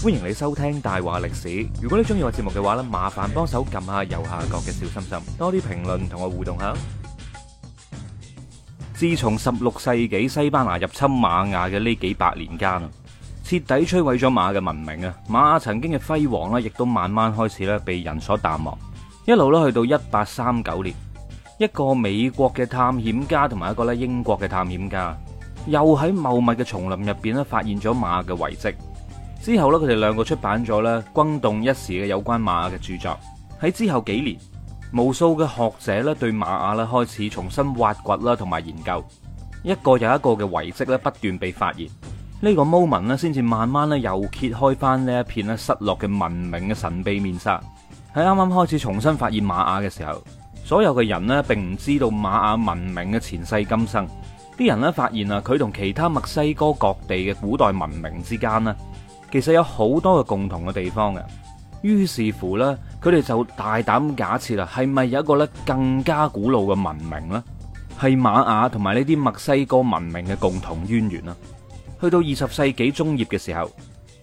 歡迎你收聽大話歷史。如果你中意我節目嘅話咧，麻煩幫手撳下右下角嘅小心心，多啲評論同我互動下。自從十六世紀西班牙入侵瑪雅嘅呢幾百年間啊，徹底摧毀咗瑪嘅文明啊，瑪曾經嘅輝煌亦都慢慢開始咧被人所淡忘。一路咧去到一八三九年，一個美國嘅探險家同埋一個咧英國嘅探險家，又喺茂密嘅叢林入邊咧發現咗瑪嘅遺迹。之後咧，佢哋兩個出版咗咧轟動一時嘅有關馬雅嘅著作。喺之後幾年，無數嘅學者咧對馬雅咧開始重新挖掘啦，同埋研究一個又一個嘅遺跡咧不斷被發現。呢個 moment 咧先至慢慢咧又揭開翻呢一片咧失落嘅文明嘅神秘面紗。喺啱啱開始重新發現馬雅嘅時候，所有嘅人咧並唔知道馬雅文明嘅前世今生。啲人咧發現啊，佢同其他墨西哥各地嘅古代文明之間咧。其實有好多嘅共同嘅地方嘅，於是乎呢佢哋就大膽假設啦，係咪有一個咧更加古老嘅文明呢？係瑪雅同埋呢啲墨西哥文明嘅共同淵源啊。去到二十世紀中葉嘅時候，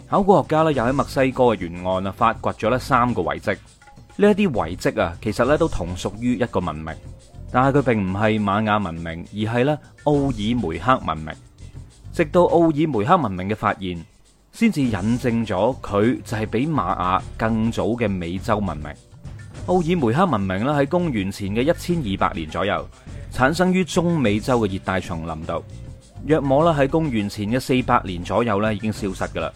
考古學家咧又喺墨西哥嘅沿岸啊發掘咗咧三個遺跡。呢一啲遺跡啊，其實咧都同屬於一個文明，但係佢並唔係瑪雅文明，而係咧奧爾梅克文明。直到奧爾梅克文明嘅發現。先至引證咗佢就係比瑪雅更早嘅美洲文明奧爾梅克文明啦，喺公元前嘅一千二百年左右產生於中美洲嘅熱帶叢林度，約莫啦喺公元前嘅四百年左右咧已經消失噶啦，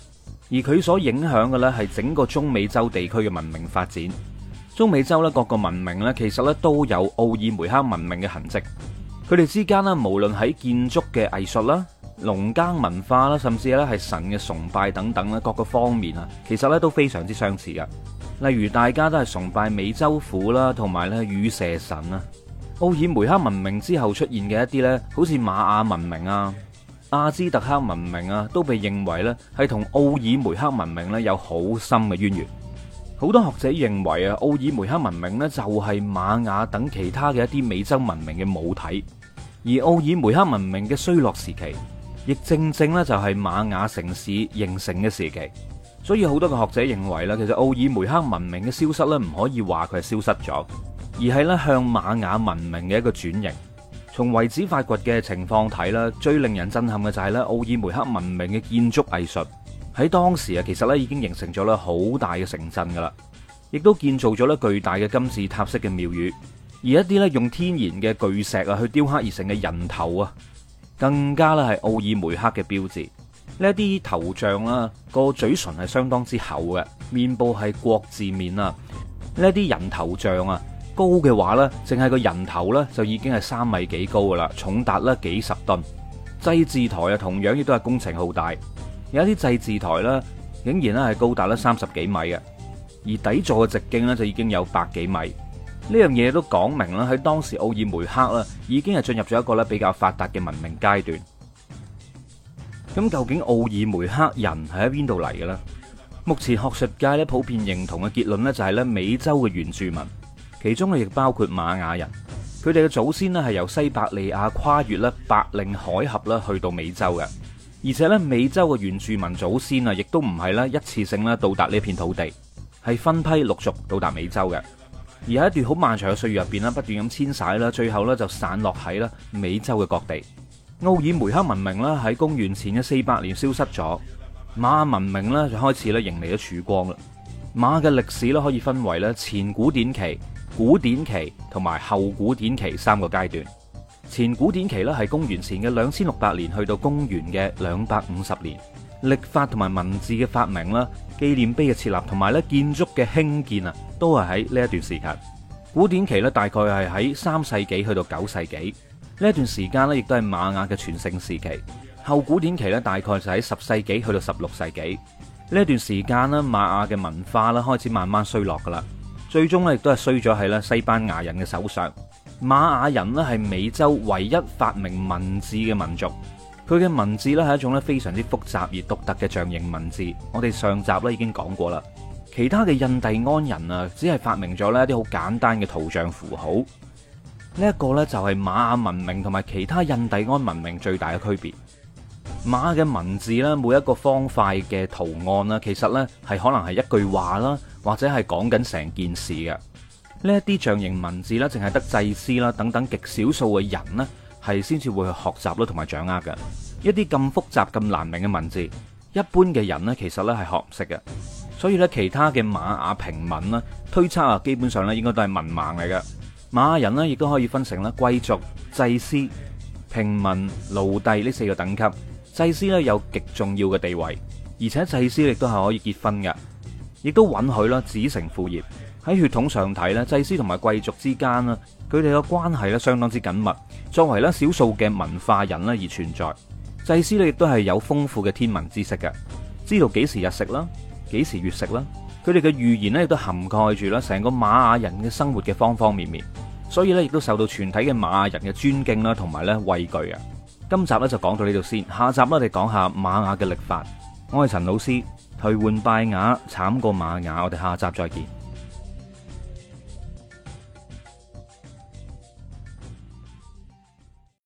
而佢所影響嘅咧係整個中美洲地區嘅文明發展。中美洲咧各個文明咧其實咧都有奧爾梅克文明嘅痕跡，佢哋之間咧無論喺建築嘅藝術啦。農耕文化啦，甚至咧係神嘅崇拜等等啦，各個方面啊，其實咧都非常之相似嘅。例如大家都係崇拜美洲虎啦，同埋咧羽蛇神啊。奧爾梅克文明之後出現嘅一啲咧，好似瑪雅文明啊、阿茲特克文明啊，都被認為咧係同奧爾梅克文明咧有好深嘅淵源。好多學者認為啊，奧爾梅克文明呢，就係瑪雅等其他嘅一啲美洲文明嘅母體，而奧爾梅克文明嘅衰落時期。亦正正咧，就係瑪雅城市形成嘅時期，所以好多嘅學者認為啦，其實奧爾梅克文明嘅消失咧，唔可以話佢係消失咗，而係咧向瑪雅文明嘅一個轉型。從遺址發掘嘅情況睇咧，最令人震撼嘅就係咧，奧爾梅克文明嘅建築藝術喺當時啊，其實咧已經形成咗咧好大嘅城鎮噶啦，亦都建造咗咧巨大嘅金字塔式嘅廟宇，而一啲咧用天然嘅巨石啊去雕刻而成嘅人頭啊。更加咧係奧爾梅克嘅標誌，呢一啲頭像啦，個嘴唇係相當之厚嘅，面部係國字面啊，呢一啲人頭像啊，高嘅話咧，淨係個人頭咧就已經係三米幾高噶啦，重達咧幾十噸。祭祀台啊，同樣亦都係工程浩大，有一啲祭祀台咧，竟然咧係高達咧三十幾米嘅，而底座嘅直徑咧就已經有百幾米。呢樣嘢都講明啦，喺當時奧爾梅克啦，已經係進入咗一個咧比較發達嘅文明階段。咁究竟奧爾梅克人係喺邊度嚟嘅呢？目前學術界咧普遍認同嘅結論呢，就係咧美洲嘅原住民，其中啊亦包括瑪雅人。佢哋嘅祖先咧係由西伯利亞跨越咧白令海峽啦去到美洲嘅，而且咧美洲嘅原住民祖先啊，亦都唔係咧一次性咧到達呢片土地，係分批陸續到達美洲嘅。而喺一段好漫長嘅歲月入邊咧，不斷咁遷徙啦，最後咧就散落喺啦美洲嘅各地。奧爾梅克文明啦，喺公元前嘅四百年消失咗。瑪雅文明咧就開始咧，迎嚟咗曙光啦。瑪雅嘅歷史咧可以分為咧前古典期、古典期同埋後古典期三個階段。前古典期咧係公元前嘅兩千六百年去到公元嘅兩百五十年。歷法同埋文字嘅發明啦，紀念碑嘅設立同埋咧建築嘅興建啊，都係喺呢一段時間。古典期咧大概係喺三世紀去到九世紀呢一段時間呢，亦都係瑪雅嘅全盛時期。後古典期呢，大概就喺十世紀去到十六世紀呢段時間呢，瑪雅嘅文化啦，開始慢慢衰落噶啦，最終呢，亦都係衰咗喺咧西班牙人嘅手上。瑪雅人呢，係美洲唯一發明文字嘅民族。佢嘅文字呢係一種呢非常之複雜而獨特嘅象形文字。我哋上集呢已經講過啦。其他嘅印第安人啊，只係發明咗呢啲好簡單嘅圖像符號。呢一個呢，就係瑪雅文明同埋其他印第安文明最大嘅區別。瑪雅嘅文字呢，每一個方塊嘅圖案呢，其實呢係可能係一句話啦，或者係講緊成件事嘅。呢一啲象形文字呢，淨係得祭司啦等等極少數嘅人呢，係先至會去學習咯，同埋掌握嘅一啲咁複雜、咁難明嘅文字，一般嘅人呢其實咧係學唔識嘅。所以呢，其他嘅瑪雅平民呢，推測啊，基本上咧應該都係文盲嚟嘅。瑪雅人呢亦都可以分成咧貴族、祭司、平民、奴隸呢四個等級。祭司呢有極重要嘅地位，而且祭司亦都係可以結婚嘅，亦都允許啦子承父業。喺血統上睇咧，祭司同埋貴族之間啦，佢哋嘅關係咧相當之緊密。作為咧少數嘅文化人啦而存在，祭司咧亦都係有豐富嘅天文知識嘅，知道幾時日食啦，幾時月食啦。佢哋嘅預言咧亦都涵蓋住啦成個瑪雅人嘅生活嘅方方面面，所以咧亦都受到全體嘅瑪雅人嘅尊敬啦，同埋咧畏懼啊。今集咧就講到呢度先，下集咧我哋講下瑪雅嘅曆法。我係陳老師，退換拜雅慘過瑪雅，我哋下集再見。